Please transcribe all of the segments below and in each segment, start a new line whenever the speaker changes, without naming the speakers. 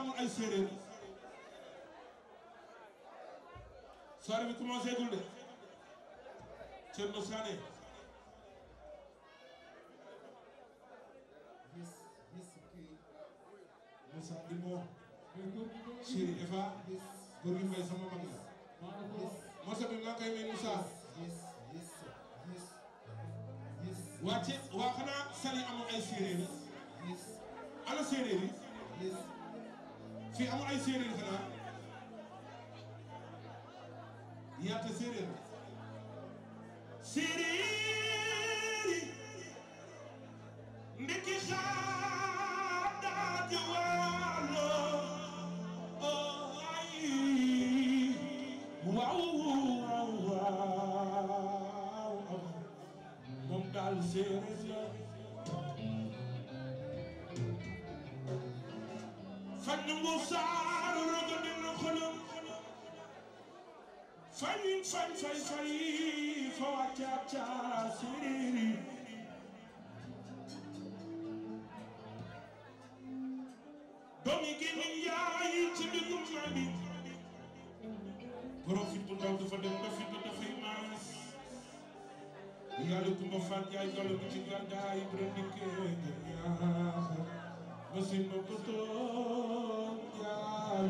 jaamu ay séeréer soirée bi commencé gul de Thierno Sané bis bis kii Moussa Dimo Chéri Eva góor gi mbay ci waa xanaa Saly amul ay séeréer ana séeréer fii amul ay séeréer xanaa yaata séeréer séeréeri ndiki xaadaat waalo oh, ay waaw waaw waaw moom daal séeréer مسعر رغد الخلق فن فن فن فن فواتاتا سريري دومي جيمين ياي تبيكم مامي
بروفيت بنداو دفا دم دفي
دفي ماس يالكم بفات ياي دولو بجي غانداي برنكي ياخر Você não contou que a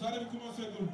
soirée bi commencé gul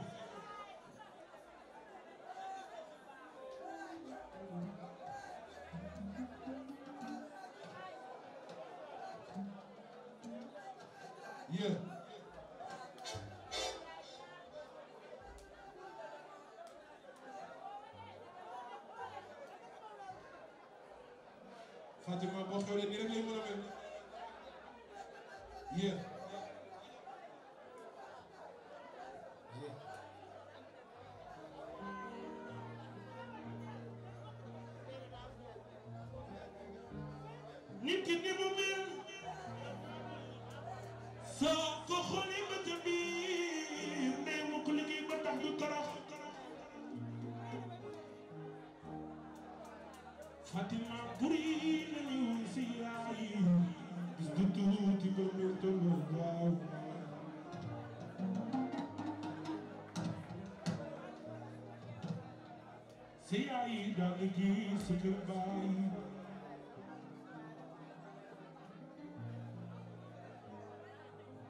Fatima guri nañu si yaay bis du tuuti ba mbir te mu gaaw si yaay daa ngi gis sa kër baay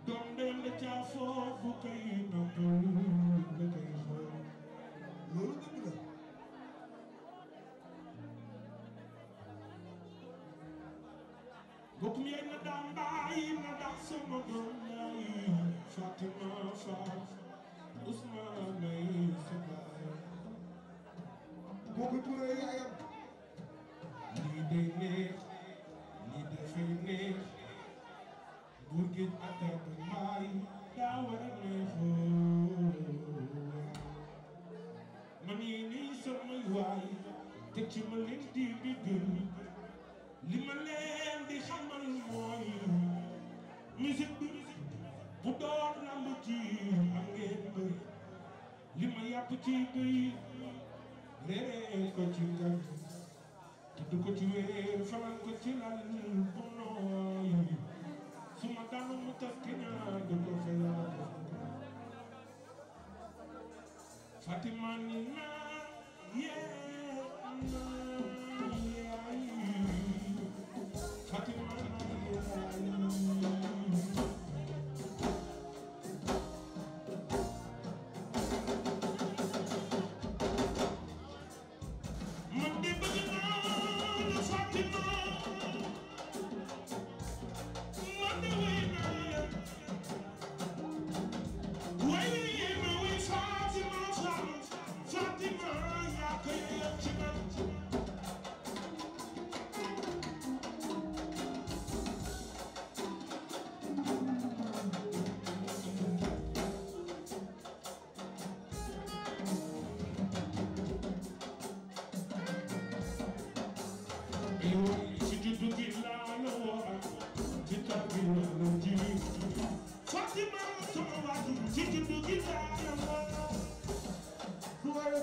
doom dem la ca foofu kay nampal leen na daan bàyyi ma ndax sama doom lay Fatima Fall Ousmane lay sa baay boobu Touré yaayam lii day neex lii dafay neex buur gi ak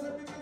Deus, amigo.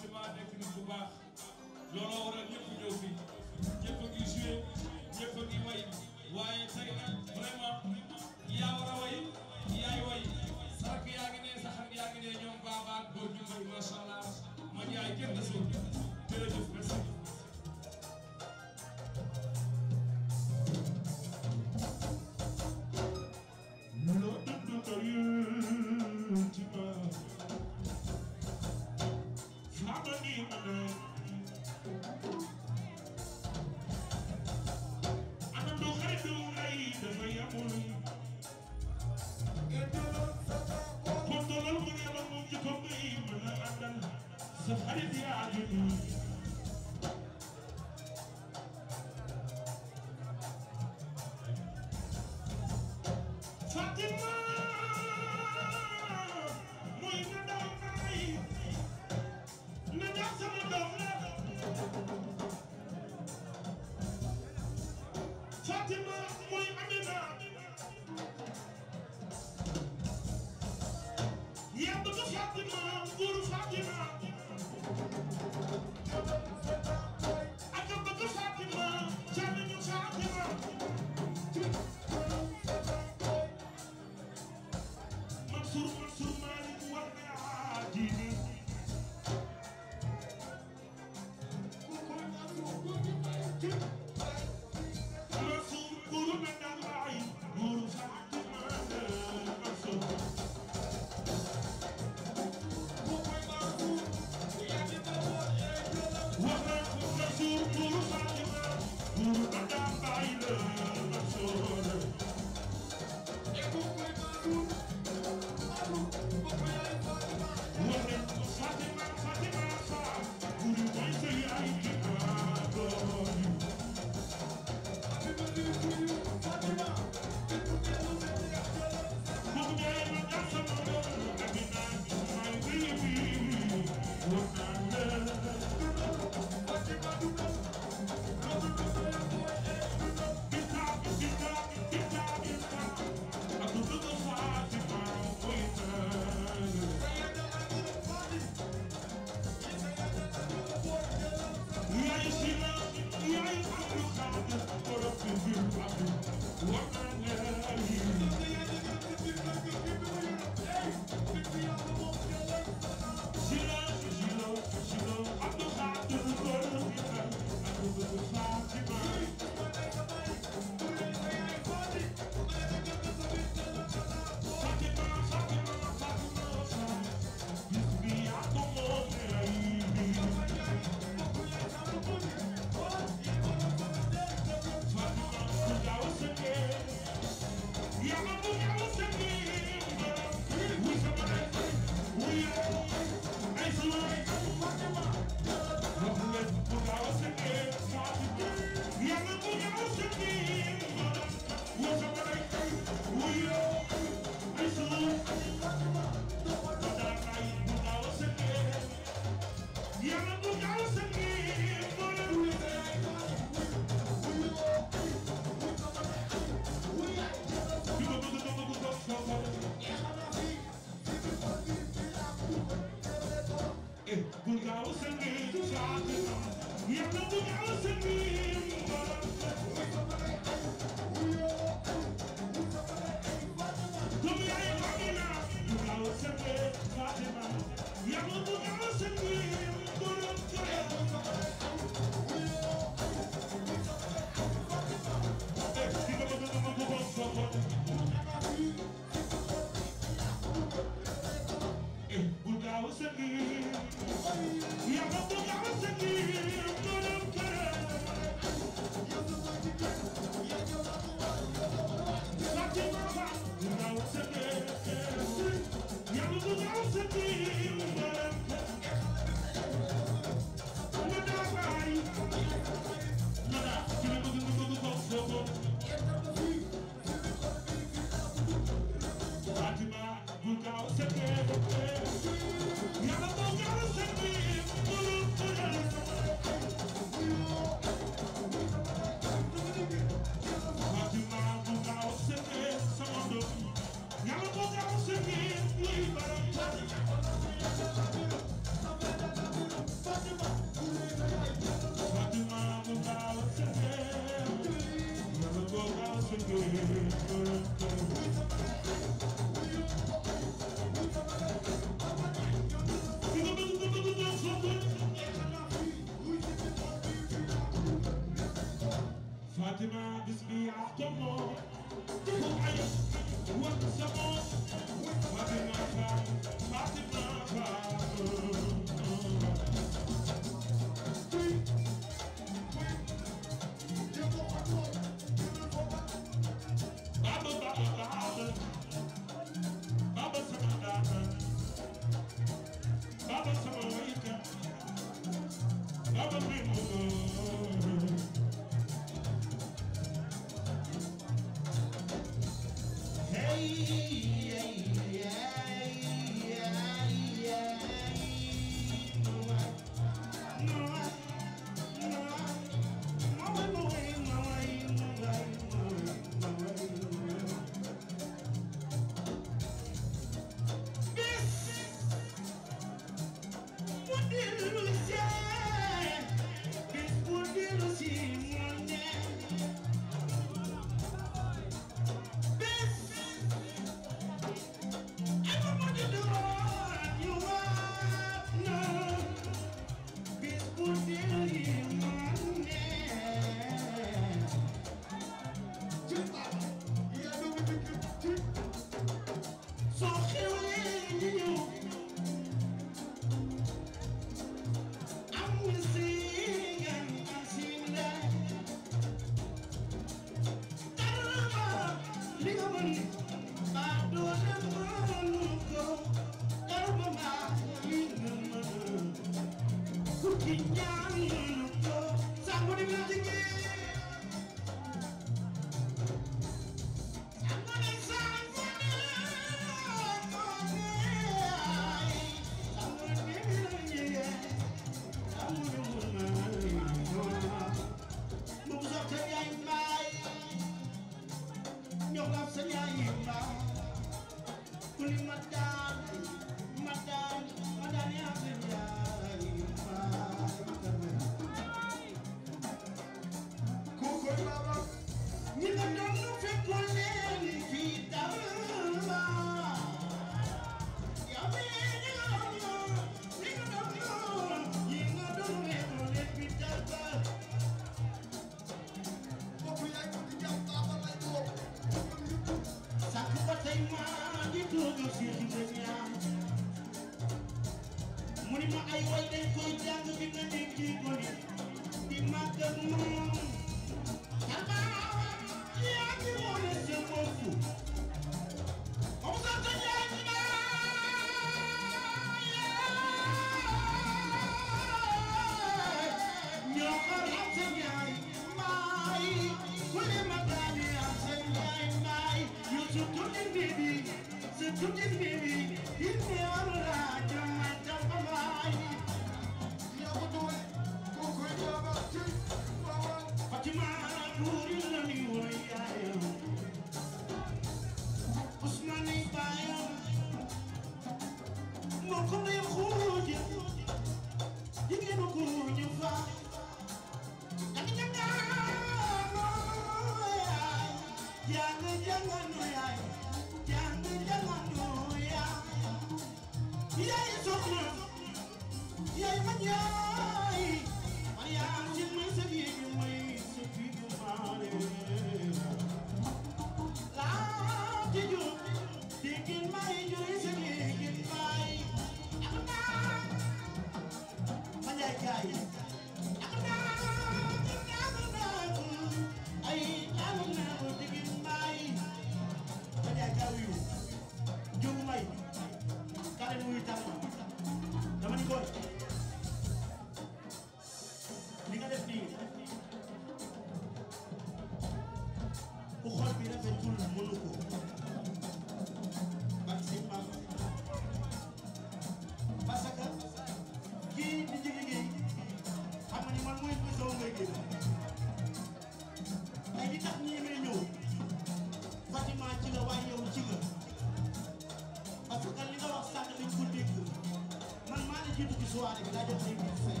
soirée bi daa jot ay conseil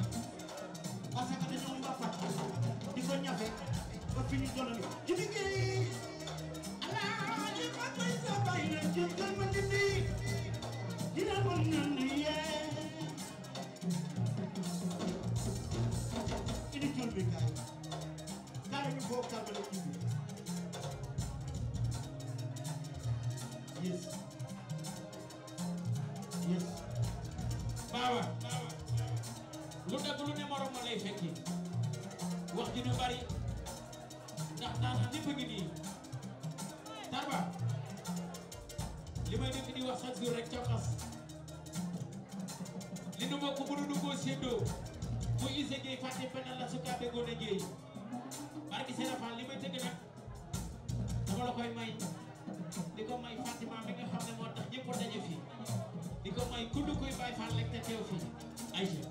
parce que dañoo ñu ba di ko
ji du bari ndax daanaka ñëpp a ngi nii Tarba
li may def di wax chaque jour rek càmmas li nu bokk mënuñu koo séddoo bu Issa Gueye fàtte penal la su kàddee góor a Ndiaye barki Serapal li may tëgg nag dama la koy may di ko may Fatima mi nga xam ne moo tax ñëpp a daje fii di ko may kudd kuy bàyyi Fall rek teew fii ayca.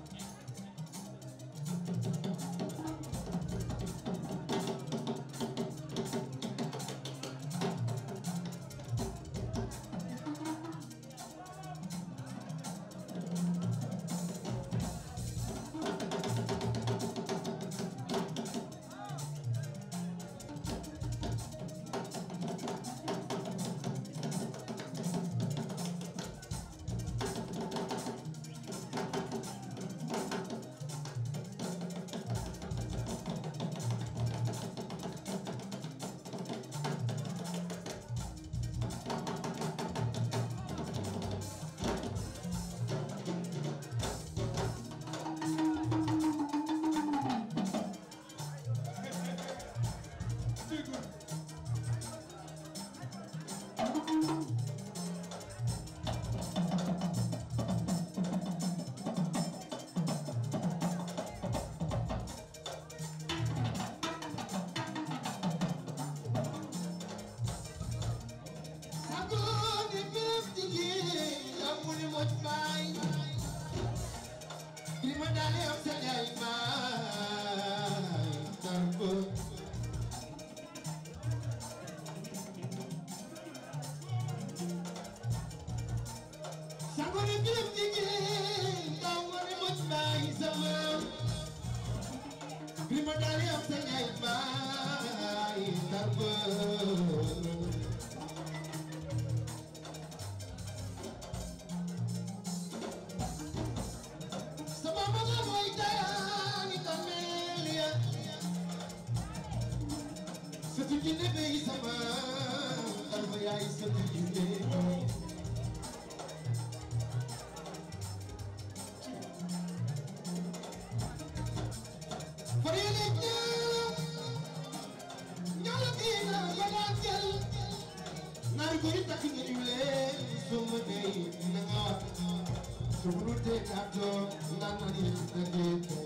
So we'll take our job, not money, the gate.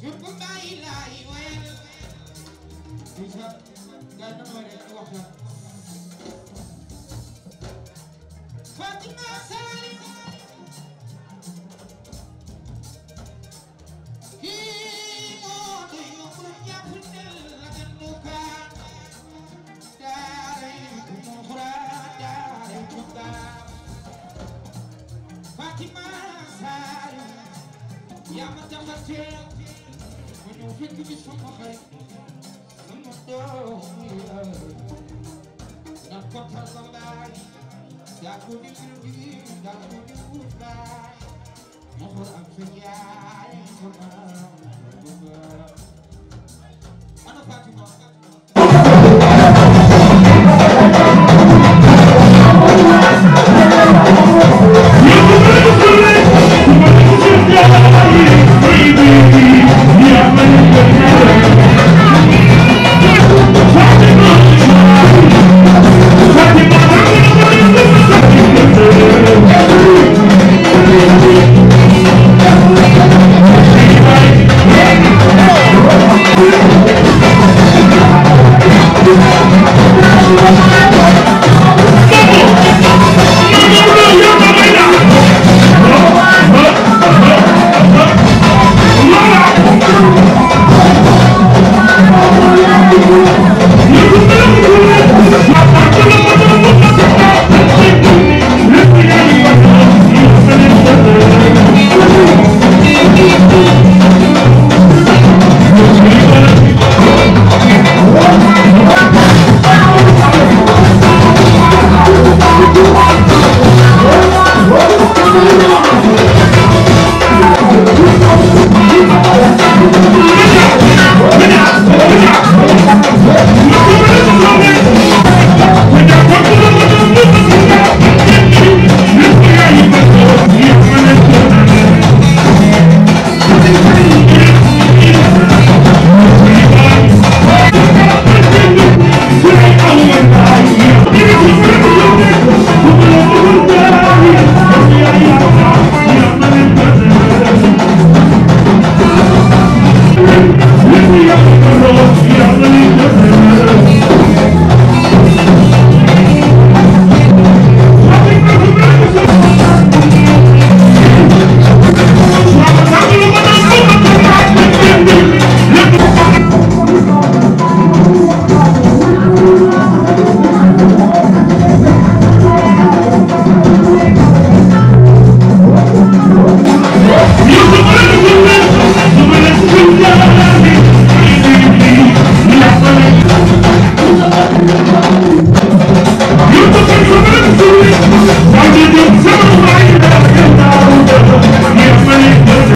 jur bu bàyyi laay wayal isa gaa na ma rek wax la Fatima Salim xuân ra, mùa xuân ấm xuân gia, xuân ấm